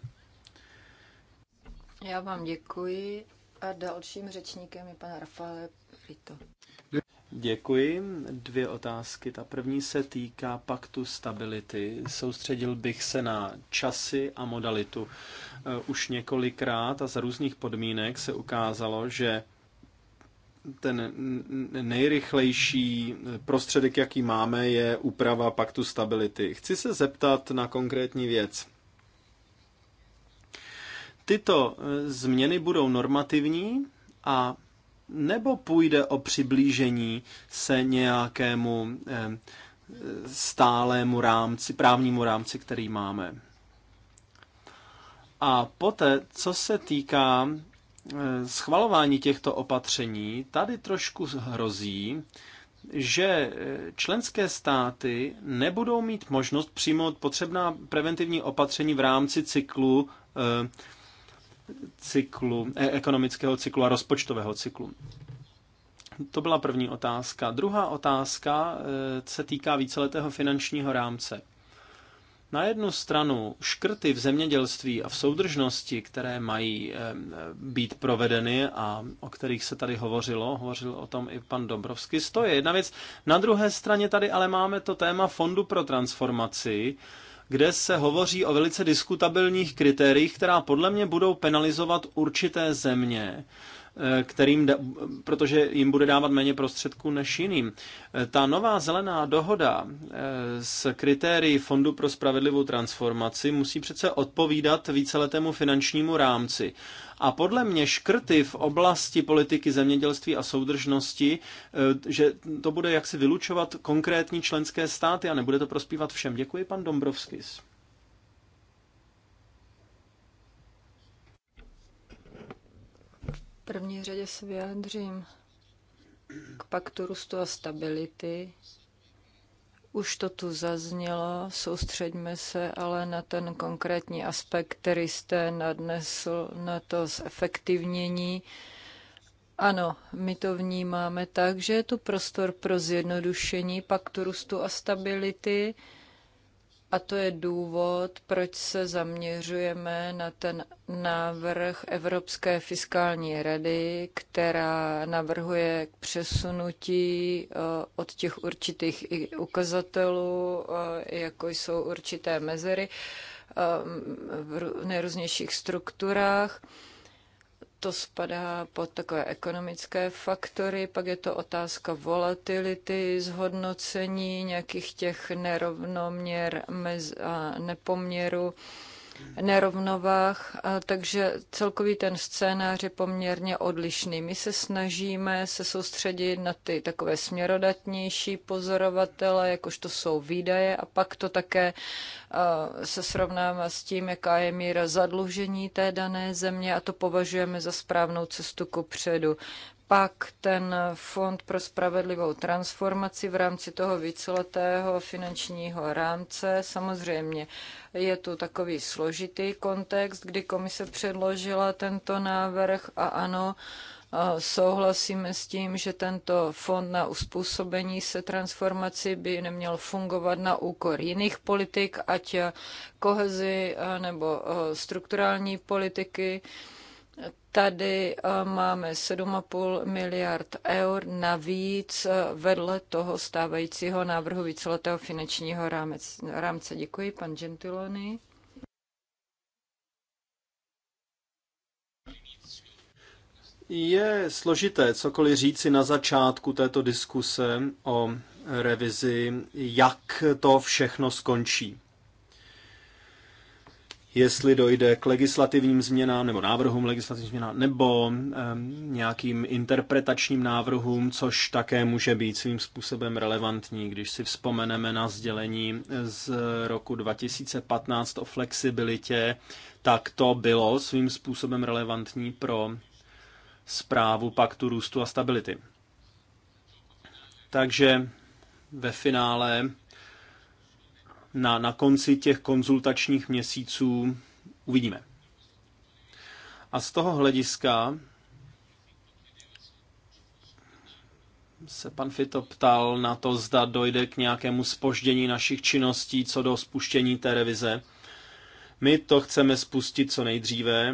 Já vám děkuji a dalším řečníkem je pan Rafael Rito. Děkuji. Dvě otázky. Ta první se týká paktu stability. Soustředil bych se na časy a modalitu. E, už několikrát a za různých podmínek se ukázalo, že ten nejrychlejší prostředek, jaký máme, je úprava paktu stability. Chci se zeptat na konkrétní věc. Tyto eh, změny budou normativní a nebo půjde o přiblížení se nějakému eh, stálému rámci, právnímu rámci, který máme? A poté, co se týká Eh, schvalování těchto opatření tady trošku hrozí, že eh, členské státy nebudou mít možnost přijmout potřebná preventivní opatření v rámci cyklu, eh, cyklu ekonomického cyklu a rozpočtového cyklu. To byla první otázka. Druhá otázka se týká víceletého finančního rámce. Na jednu stranu škrty v zemědělství a v soudržnosti, které mají eh, být provedeny a o kterých se tady hovořilo, hovořil o tom i pan Dobrovský, to je jedna věc. Na druhé straně tady ale máme to téma Fondu pro transformaci, kde se hovoří o velice diskutabilních kritériích, která podle mě budou penalizovat určité země Eh, kterým, da, protože jim bude dávat méně prostředků než jiným. Eh, ta nová zelená dohoda eh, s kritérií Fondu pro spravedlivou transformaci musí přece odpovídat víceletému finančnímu rámci. A podle mě škrty v oblasti politiky zemědělství a soudržnosti, že to bude jaksi vylučovat konkrétní členské státy a nebude to prospívat všem. Děkuji, pan Dombrovskis. první řadě se vyjádřím k paktu růstu a stability. Už to tu zaznělo, soustředíme se ale na ten konkrétní aspekt, který jste nadnesl, na to zefektivnění. Ano, my to vnímáme tak, že je tu prostor pro zjednodušení paktu růstu a stability a to je důvod, proč se zaměřujeme na ten návrh Evropské fiskální rady, která navrhuje k přesunutí eh, od těch určitých ukazatelů, eh, jako jsou určité mezery eh, v nejrůznějších strukturách to spadá pod takové ekonomické faktory, pak je to otázka volatility, zhodnocení nějakých těch nerovnoměr, mez, a nepoměru nerovnovách, takže celkový ten scénář je poměrně odlišný. My se snažíme se soustředit na ty takové směrodatnější pozorovatele, jakož to jsou výdaje a pak to také se srovnává s tím, jaká je míra zadlužení té dané země a to považujeme za správnou cestu ku předu pak ten Fond pro spravedlivou transformaci v rámci toho víceletého finančního rámce. Samozřejmě je tu takový složitý kontext, kdy komise předložila tento návrh a ano, souhlasíme s tím, že tento fond na uspůsobení se transformaci by neměl fungovat na úkor jiných politik, ať kohezi nebo strukturální politiky. Tady eh, máme 7,5 miliard eur navíc eh, vedle toho stávajícího návrhu víceletého finančního rámce. Děkuji, pan Gentiloni. Je složité cokoliv říci na začátku této diskuse o revizi, jak to všechno skončí jestli dojde k legislativním změnám nebo návrhům legislativních změnám nebo nějakým interpretačním návrhům, což také může být svým způsobem relevantní, když si vzpomeneme na sdělení z roku 2015 o flexibilitě, tak to bylo svým způsobem relevantní pro zprávu paktu růstu a stability. Takže ve finále na, na konci těch konzultačních měsíců uvidíme. A z toho hlediska se pan Fito ptal na to, zda dojde k nějakému spoždění našich činností co do spuštění té revize. My to chceme spustit co nejdříve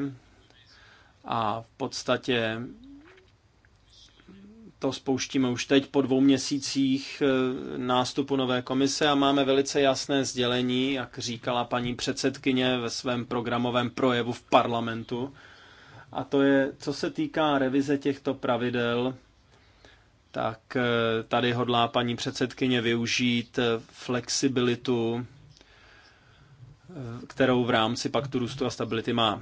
a v podstatě to spouštíme už teď po dvou měsících eh, nástupu nové komise a máme velice jasné sdělení, jak říkala paní předsedkyně ve svém programovém projevu v parlamentu. A to je, co se týká revize těchto pravidel, tak eh, tady hodlá paní předsedkyně využít eh, flexibilitu, kterou v rámci paktu růstu a stability má.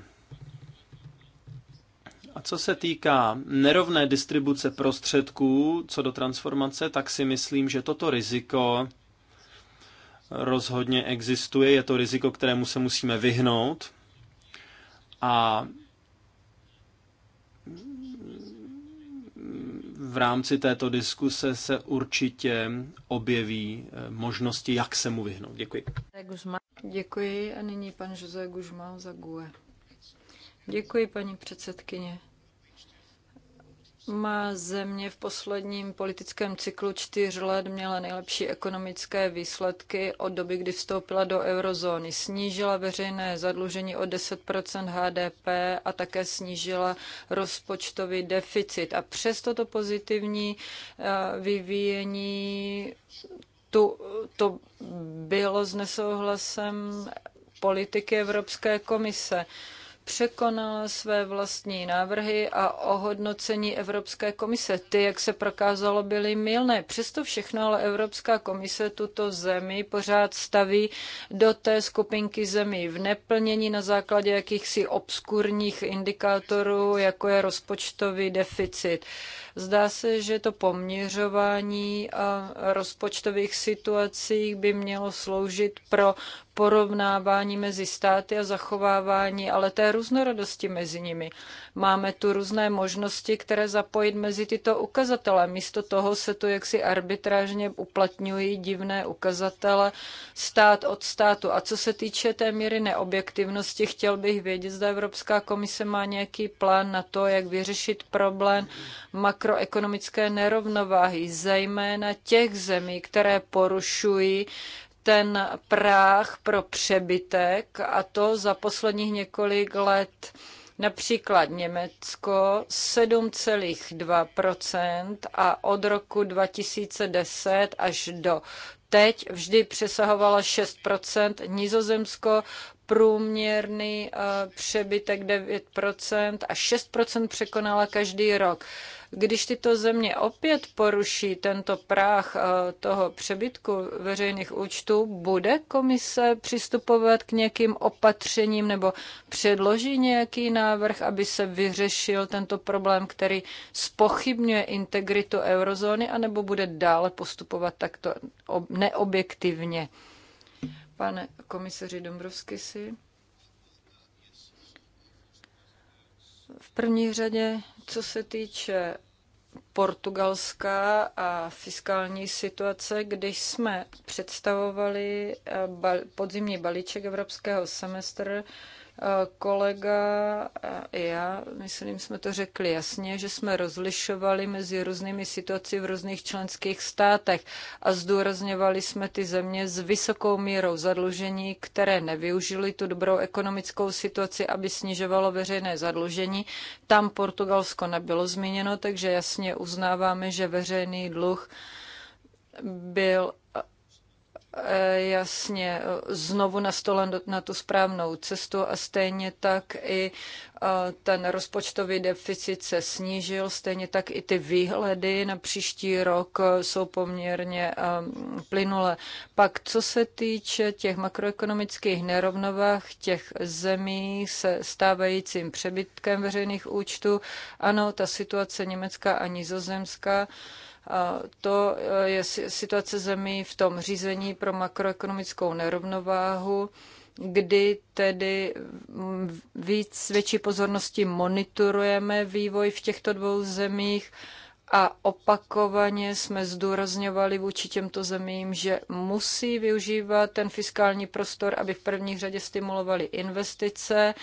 A co se týká nerovné distribuce prostředků co do transformace, tak si myslím, že toto riziko rozhodně existuje. Je to riziko, kterému se musíme vyhnout. A v rámci této diskuse se určitě objeví eh, možnosti, jak se mu vyhnout. Děkuji. Děkuji a nyní pan Jose Gužmán za GUE. Děkuji, paní předsedkyně. Má země v posledním politickém cyklu čtyř let měla nejlepší ekonomické výsledky od doby, kdy vstoupila do eurozóny. Snížila veřejné zadlužení o 10 HDP a také snížila rozpočtový deficit. A přes toto pozitivní eh, vyvíjení tu, to bylo s nesouhlasem politiky Evropské komise. Uh, překonala své vlastní návrhy a ohodnocení Evropské komise. Ty, jak se prokázalo, byly milné. Přesto všechno, ale Evropská komise tuto zemi pořád staví do té skupinky zemí v neplnění na základě jakýchsi obskurních indikátorů, jako je rozpočtový deficit. Zdá se, že to poměřování rozpočtových situací by mělo sloužit pro porovnávání mezi státy a zachovávání, ale té různorodosti mezi nimi. Máme tu různé možnosti, které zapojit mezi tyto ukazatele. Místo toho se tu jaksi arbitrážně uplatňují divné ukazatele stát od státu. A co se týče té míry neobjektivnosti, chtěl bych vědět, zda Evropská komise má nějaký plán na to, jak vyřešit problém makroekonomické nerovnováhy, zejména těch zemí, které porušují ten práh pro přebytek a to za posledních několik let. Například Německo 7,2% a od roku 2010 až do teď vždy přesahovala 6%, Nizozemsko průměrný eh, přebytek 9% a 6% překonala každý rok. Když tyto země opět poruší tento práh eh, toho přebytku veřejných účtů, bude komise přistupovat k nějakým opatřením nebo předloží nějaký návrh, aby se vyřešil tento problém, který spochybňuje integritu eurozóny, anebo bude dále postupovat takto neobjektivně? Pane komisaři Dombrovskisi. V první řadě, co se týče Portugalska a fiskální situace, když jsme představovali eh, podzimní balíček evropského semestru, kolega a já, myslím, jsme to řekli jasně, že jsme rozlišovali mezi různými situaci v různých členských státech a zdůrazňovali jsme ty země s vysokou mírou zadlužení, které nevyužili tu dobrou ekonomickou situaci, aby snižovalo veřejné zadlužení. Tam Portugalsko nebylo zmíněno, takže jasně uznáváme, že veřejný dluh byl Eh, jasně eh, znovu nastolen na tu správnou cestu a stejně tak i eh, ten rozpočtový deficit se snížil, stejně tak i ty výhledy na příští rok jsou poměrně ehm, plynulé. Pak, co se týče těch makroekonomických nerovnovách těch zemí se stávajícím přebytkem veřejných účtů, ano, ta situace německá a Nizozemska to eh, je situace zemí v tom řízení pro makroekonomickou nerovnováhu, kdy tedy víc větší pozornosti monitorujeme vývoj v těchto dvou zemích a opakovaně jsme zdůrazňovali vůči těmto zemím, že musí využívat ten fiskální prostor, aby v první řadě stimulovali investice,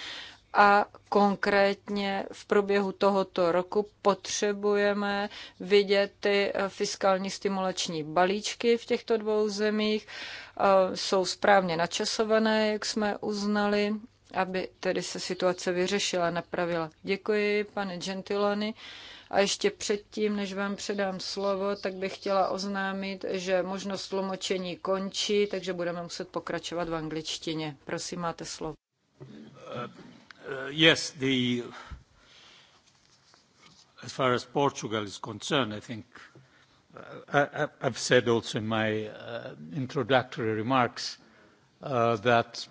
a konkrétně v průběhu tohoto roku potřebujeme vidět ty eh, fiskální stimulační balíčky v těchto dvou zemích. Eh, jsou správně načasované, jak jsme uznali, aby tedy se situace vyřešila, napravila. Děkuji, pane Gentiloni. A ještě předtím, než vám předám slovo, tak bych chtěla oznámit, že možnost tlumočení končí, takže budeme muset pokračovat v angličtině. Prosím, máte slovo. Uh. Uh, yes, the, uh, as far as Portugal is concerned, I think uh, I've said also in my introductory remarks that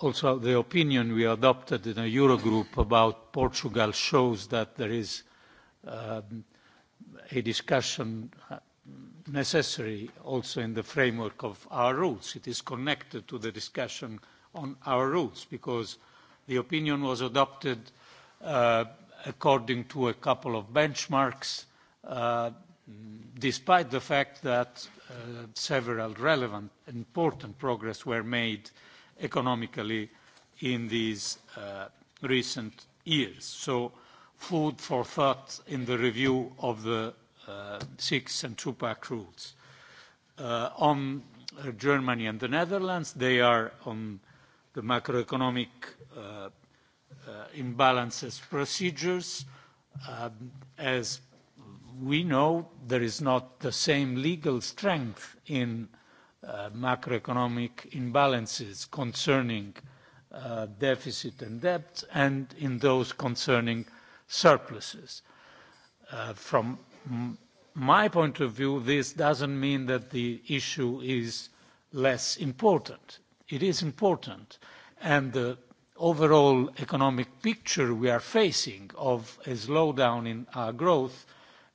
also the opinion we adopted in a Eurogroup about Portugal shows that there is um, a discussion necessary also in the framework of our rules. It is connected to the discussion on our rules because The opinion was adopted uh, according to a couple of benchmarks, uh, despite the fact that uh, several relevant, important progress were made economically in these uh, recent years. So food for thought in the review of the uh, six and two-pack rules. Uh, on uh, Germany and the Netherlands, they are on the macroeconomic Uh, uh, imbalances procedures. Um, as we know, there is not the same legal strength in uh, macroeconomic imbalances concerning uh, deficit and debt and in those concerning surpluses. From my point of view, this doesn't mean that the issue is less important. It is important, and the overall economic picture we are facing of a slowdown in our growth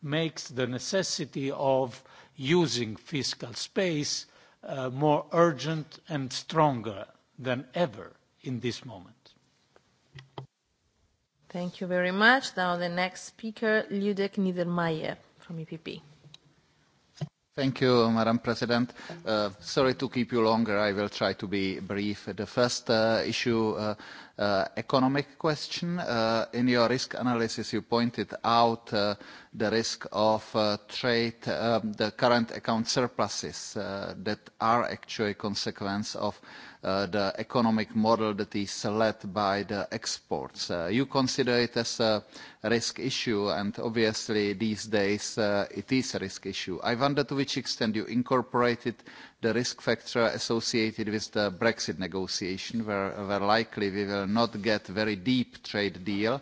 makes the necessity of using fiscal space uh, more urgent and stronger than ever in this moment. Thank you very much. Now the next speaker, Ludek Niedermayer from EPP. Thank you, Madam President. Uh, sorry to keep you longer. I will try to be brief. The first uh, issue, uh, uh, economic question. Uh, in your risk analysis, you pointed out uh, the risk of uh, trade, um, the current account surpluses uh, that are actually a consequence of uh, Uh, the economic model that is led by the exports. Uh, you consider it as a risk issue, and obviously these days uh, it is a risk issue. I wonder to which extent you incorporated the risk factor associated with the Brexit negotiation, where, likely we will not get very deep trade deal,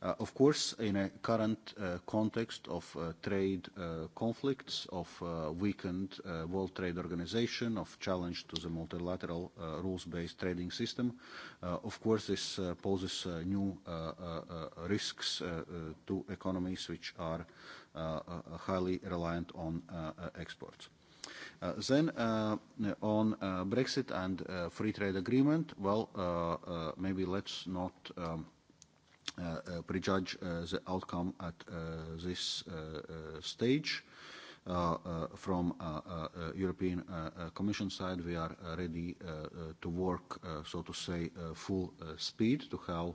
Uh, of course, in a current uh, context of uh, trade conflicts, of weakened World Trade Organization, of challenge to the multilateral rules-based trading system, of course, this poses new risks to economies which are highly reliant on exports. then on Brexit and free trade agreement, well, maybe let's not um, uh, prejudge uh, the outcome at uh, this uh, uh, stage. Uh, uh, from uh, uh, European uh, uh, Commission side, we are ready uh, uh, to work, uh, so to say, uh, full uh, speed to have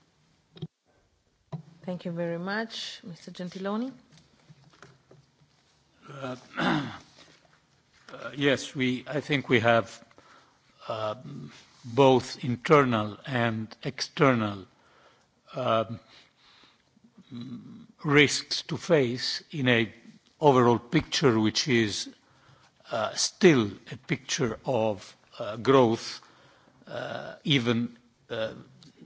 Thank you very much. Mr. Gentiloni? Uh, <clears throat> uh, yes, we, I think we have uh, both internal and external um, risks to face in a overall picture, which is uh, still a picture of uh, growth, uh, even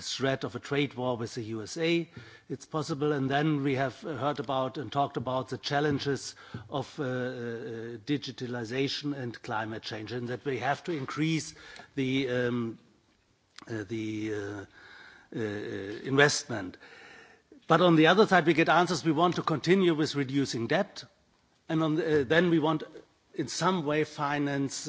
threat of a trade war with the USA. It's possible. And then we have heard about and talked about the challenges of uh, uh digitalization and climate change, and that we have to increase the, um, uh, the uh, uh, investment. But on the other side, we get answers. We want to continue with reducing debt, and on the, uh, then we want, in some way, finance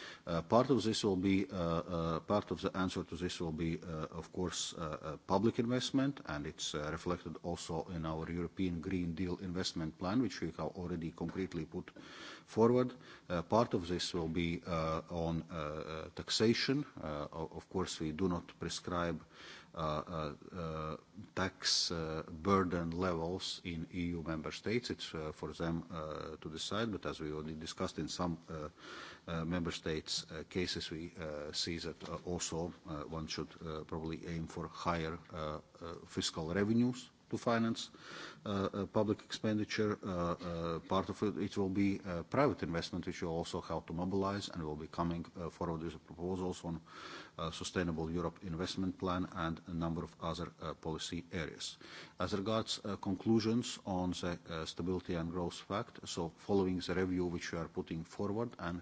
Uh, part of this will be uh, uh, part of the answer to this will be, uh, of course, uh, uh, public investment, and it's uh, reflected also in our European Green Deal investment plan, which we have already concretely put forward. Uh, part of this will be uh, on uh, uh taxation. Uh, of course, we do not prescribe uh, tax uh, burden levels in EU member states. It's uh, for them uh, to decide, but as we already discussed in some member states cases, we see that also one should probably aim for higher fiscal revenues to finance uh, uh, public expenditure. Uh, uh, part of it, it will be uh, private investment, which will also how to mobilize and will be coming uh, forward with proposals on uh, Sustainable Europe Investment Plan and a number of other uh, policy areas. As regards uh, conclusions on the uh, Stability and Growth Pact, so following the review which we are putting forward and